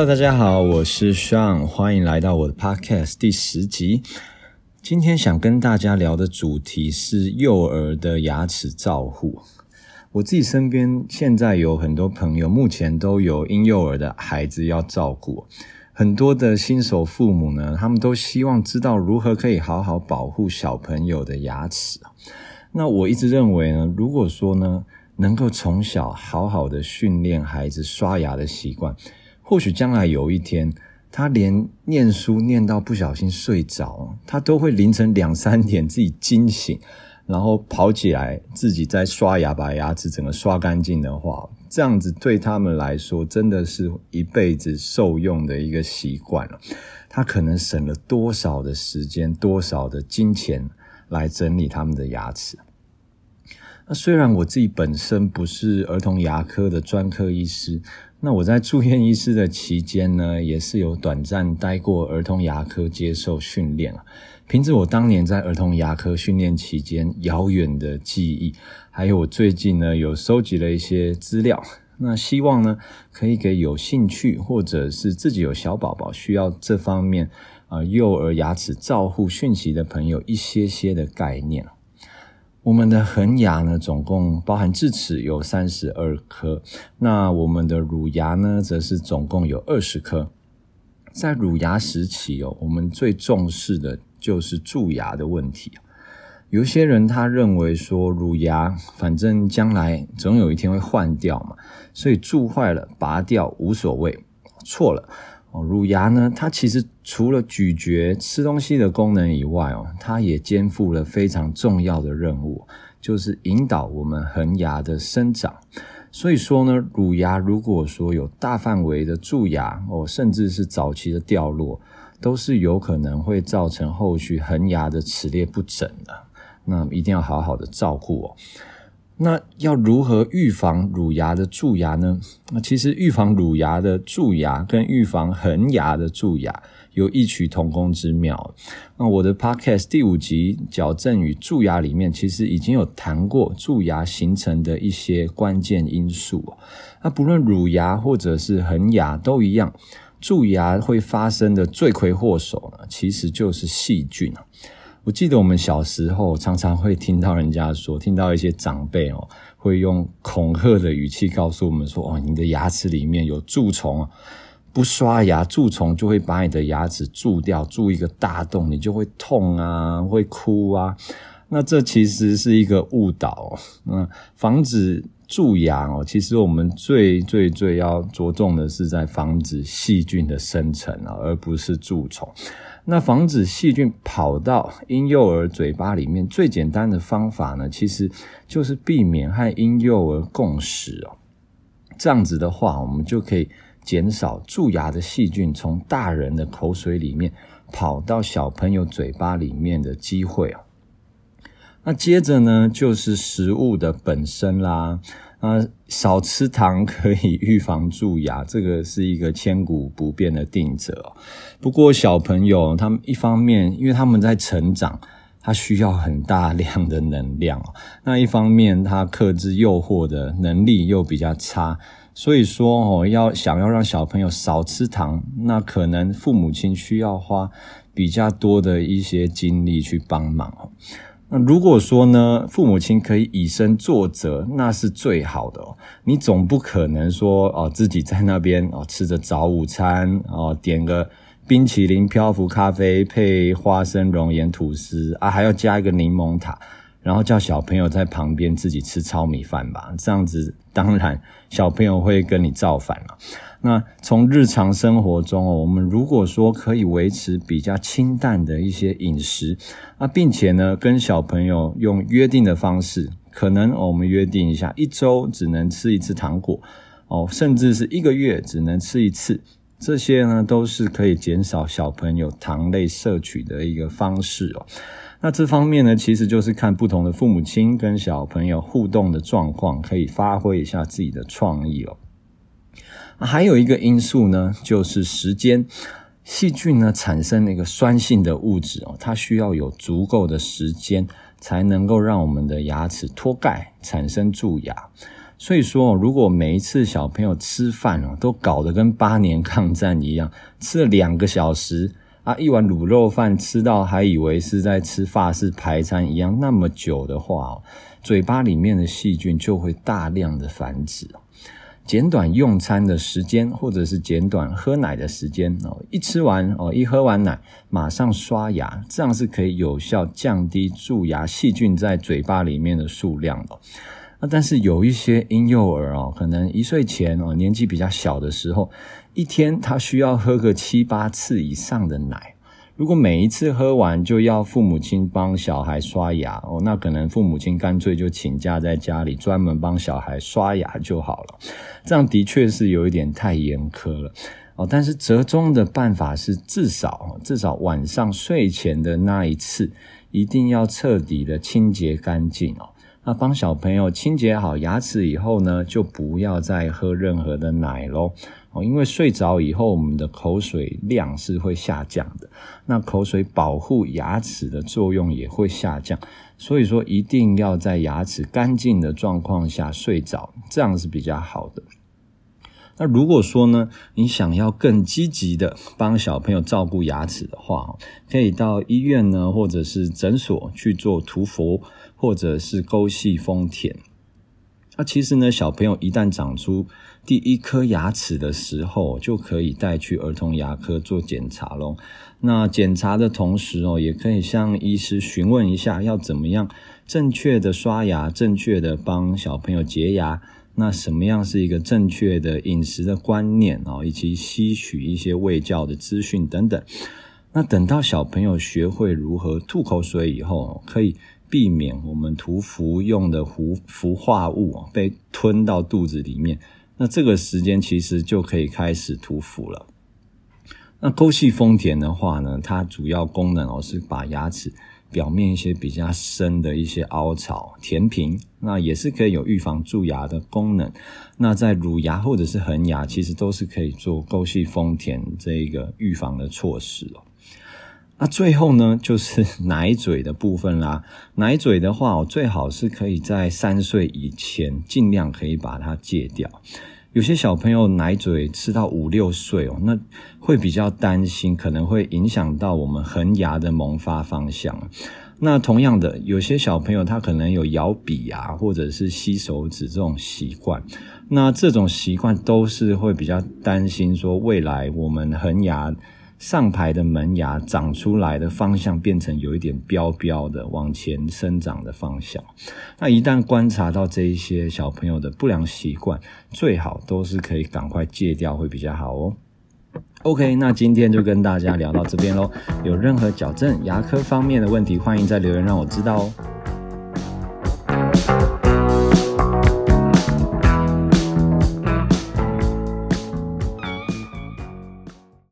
Hello，大家好，我是 Sean，歡迎來到我的 Podcast 第十集。今天想跟大家聊的主題是幼兒的牙齒照護。我自己身邊現在有很多朋友，目前都有嬰幼兒的孩子要照顧，很多的新手父母呢，他們都希望知道如何可以好好保護小朋友的牙齒。那我一直認為呢，如果說呢，能夠從小好好的訓練孩子刷牙的習慣。或許將來有一天，他連念書念到不小心睡着，他都會凌晨兩三點自己驚醒，然後跑起來自己再刷牙，把牙齒整個刷乾淨的話，這樣子對他們來說，真的是一輩子受用的一個習慣了。他可能省了多少的時間，多少的金錢來整理他們的牙齒。那雖然我自己本身不是兒童牙科的專科醫師，那我在住院醫師的期間呢，也是有短暫待過兒童牙科，接受訓練啊。憑着我當年在兒童牙科訓練期間遙遠的記憶，還有我最近呢有收集了一些資料，那希望呢可以給有興趣或者是自己有小寶寶需要這方面啊、呃、幼兒牙齒照護訊息的朋友一些些的概念。我們的恆牙呢，總共包含智齒有三十二顆，那我們的乳牙呢，則是總共有二十顆。在乳牙時期哦，我們最重視的就是蛀牙的問題。有些人他認為說，乳牙反正將來總有一天會換掉嘛，所以蛀壞了拔掉無所謂，錯了。哦，乳牙呢，它其實除了咀嚼吃東西的功能以外，哦，它也肩負了非常重要的任務，就是引導我們恆牙的生長。所以說呢，乳牙如果說有大範圍的蛀牙，哦，甚至是早期的掉落，都是有可能會造成後續恆牙的齒列不整的。那一定要好好的照顧哦。那要如何預防乳牙的蛀牙呢？那其實預防乳牙的蛀牙跟預防恆牙的蛀牙有異曲同工之妙。那我的 podcast 第五集矯正與蛀牙裡面，其實已經有談過蛀牙形成的一些關鍵因素。那不論乳牙或者是恆牙都一樣，蛀牙會發生的罪魁禍首呢，其實就是細菌。我記得我們小時候常常會聽到人家說，聽到一些長輩哦，會用恐嚇的語氣告訴我們說：“哦，你的牙齒裡面有蛀蟲啊，不刷牙，蛀蟲就會把你的牙齒蛀掉，蛀一個大洞，你就會痛啊，會哭啊。”那這其實是一個誤導哦。那防止蛀牙哦，其實我們最最最要着重的是在防止細菌的生成啊，而不是蛀蟲。那防止細菌跑到嬰幼兒嘴巴裡面，最簡單的方法呢，其實就是避免和嬰幼兒共食哦。這樣子的話，我們就可以減少蛀牙的細菌從大人的口水裡面跑到小朋友嘴巴裡面的機會哦。那接着呢，就是食物的本身啦。啊，少吃糖可以預防蛀牙，這個是一個千古不變的定則哦。不過，小朋友他們一方面因為他們在成長，他需要很大量的能量哦；那一方面，他克制誘惑的能力又比較差。所以說，哦，要想要讓小朋友少吃糖，那可能父母親需要花比較多的一些精力去幫忙哦。那如果說呢，父母親可以以身作則，那是最好的哦。你總不可能說，哦，自己在那邊哦，吃着早午餐哦，點個冰淇淋漂浮咖啡配花生熔岩吐司啊，還要加一個檸檬塔。然後叫小朋友在旁邊自己吃糙米飯吧，這樣子當然小朋友會跟你造反了，啊。那從日常生活中哦，我們如果說可以維持比較清淡的一些飲食，那，啊，並且呢，跟小朋友用約定的方式，可能，哦，我們約定一下，一周只能吃一次糖果，哦，甚至是一個月只能吃一次。這些呢，都是可以減少小朋友糖類攝取的一個方式哦。那這方面呢，其實就是看不同的父母親跟小朋友互動的狀況，可以發揮一下自己的創意哦。還有一個因素呢，就是時間。細菌呢，產生那個酸性的物質哦，它需要有足夠的時間，才能夠讓我們的牙齒脫鈣，產生蛀牙。所以說，如果每一次小朋友吃飯哦，都搞得跟八年抗戰一樣，吃了兩個小時啊，一碗滷肉飯吃到還以為是在吃法式排餐一樣那麼久的話哦，嘴巴裡面的細菌就會大量的繁殖。減短用餐的時間，或者是減短喝奶的時間哦，一吃完哦，一喝完奶馬上刷牙，這樣是可以有效降低蛀牙細菌在嘴巴裡面的數量的。那但是有一些嬰幼兒哦，可能一歲前哦，年紀比較小的時候，一天他需要喝個七八次以上的奶。如果每一次喝完就要父母親幫小孩刷牙哦，那可能父母親乾脆就請假在家裡專門幫小孩刷牙就好了。這樣的確是有一點太嚴苛了哦。但是折中的辦法是，至少至少晚上睡前的那一次一定要徹底的清潔乾淨哦。那幫小朋友清潔好牙齒以後呢，就不要再喝任何的奶嘍。因為睡着以後，我們的口水量是會下降的，那口水保護牙齒的作用也會下降，所以說一定要在牙齒乾淨的狀況下睡着，這樣是比較好的。那如果說呢，你想要更積極的幫小朋友照顧牙齒的話，可以到醫院呢，或者是診所去做塗氟。或者是溝隙封填，那、啊、其實呢，小朋友一旦長出第一顆牙齒的時候，就可以帶去兒童牙科做檢查咯，那檢查的同時哦，也可以向醫師詢問一下要怎麼樣正確的刷牙，正確的幫小朋友潔牙。那什麼樣是一個正確的飲食的觀念以及吸取一些衛教的資訊等等。那等到小朋友學會如何吐口水以後，可以。避免我們塗氟用的氟氟化物，被吞到肚子裡面，那這個時間其實就可以開始塗氟了。那溝隙封填的話呢，它主要功能哦是把牙齒表面一些比較深的一些凹槽填平，那也是可以有預防蛀牙的功能。那在乳牙或者是恆牙，其實都是可以做溝隙封填這個預防的措施哦。那、啊、最後呢，就是奶嘴的部分啦。奶嘴的話，我最好是可以在三歲以前，盡量可以把它戒掉。有些小朋友奶嘴吃到五六歲哦，那會比較擔心，可能會影響到我們恆牙的萌發方向。那同樣的，有些小朋友他可能有咬筆啊，或者是吸手指這種習慣，那這種習慣都是會比較擔心，說未來我們恆牙上排的門牙長出來的方向變成有一點暴暴的往前生長的方向。那一旦觀察到這一些小朋友的不良習慣，最好都是可以趕快戒掉會比較好哦。OK，那今天就跟大家聊到這邊嘍。有任何矯正牙科方面的問題，歡迎在留言讓我知道哦。